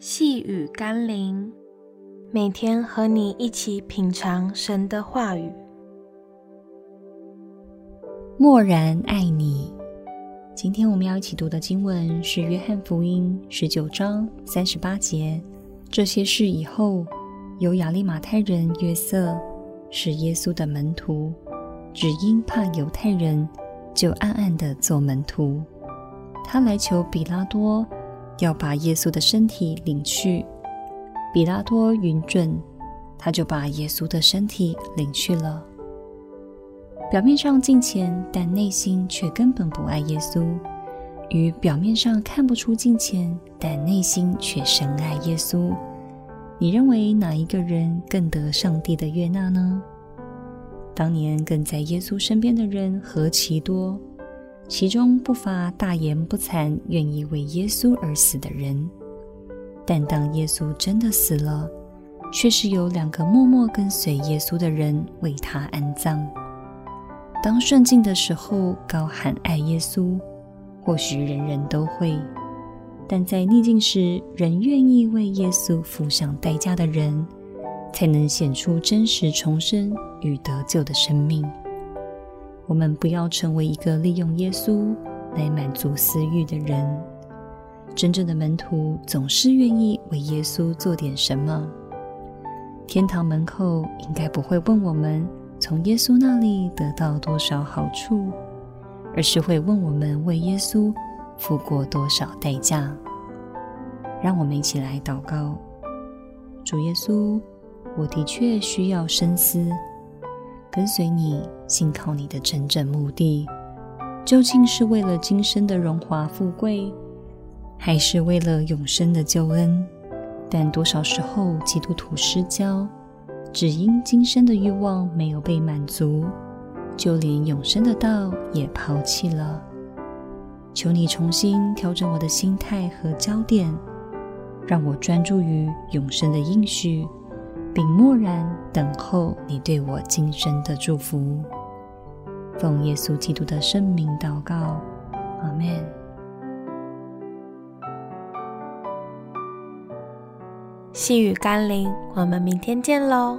細語甘霖，每天和你一起品嚐神的話語。默然愛你。今天我們要一起讀的經文是《約翰福音》十九章三十八節。這些事以後，有亞利馬太人約瑟，是耶穌的門徒，只因怕猶太人，就暗暗的做門徒。他來求彼拉多。要把耶穌的身體領去，彼拉多允准，他就把耶穌的身體領去了。表面上敬虔，但內心卻根本不愛耶穌；與表面上看不出敬虔，但內心卻深愛耶穌。你認為哪一個人更得上帝的悅納呢？當年跟在耶穌身邊的人何其多！其中不乏大言不慚、願意為耶穌而死的人，但當耶穌真的死了，卻是由兩個默默跟隨耶穌的人為他安葬。當順境的時候高喊愛耶穌，或許人人都會；但在逆境時仍願意為耶穌付上代價的人，才能顯出真實重生與得救的生命。我們不要成為一個利用耶穌來滿足私慾的人。真正的門徒總是願意為耶穌做點什麼。天堂門口應該不會問我們從耶穌那裡得到多少好處，而是會問我們為耶穌付過多少代價。讓我們一起來禱告：主耶穌，我的確需要深思。跟隨你、信靠你的真正目的，究竟是為了今生的榮華富貴，還是為了永生的救恩？但多少時候，基督徒失焦，只因今生的慾望沒有被滿足，就連永生的道也拋棄了。求你重新調整我的心態和焦點，讓我專注於永生的應許。並默然等候你對我今生的祝福。奉耶穌基督的聖名禱告，阿門。細語甘霖，我們明天見嘍。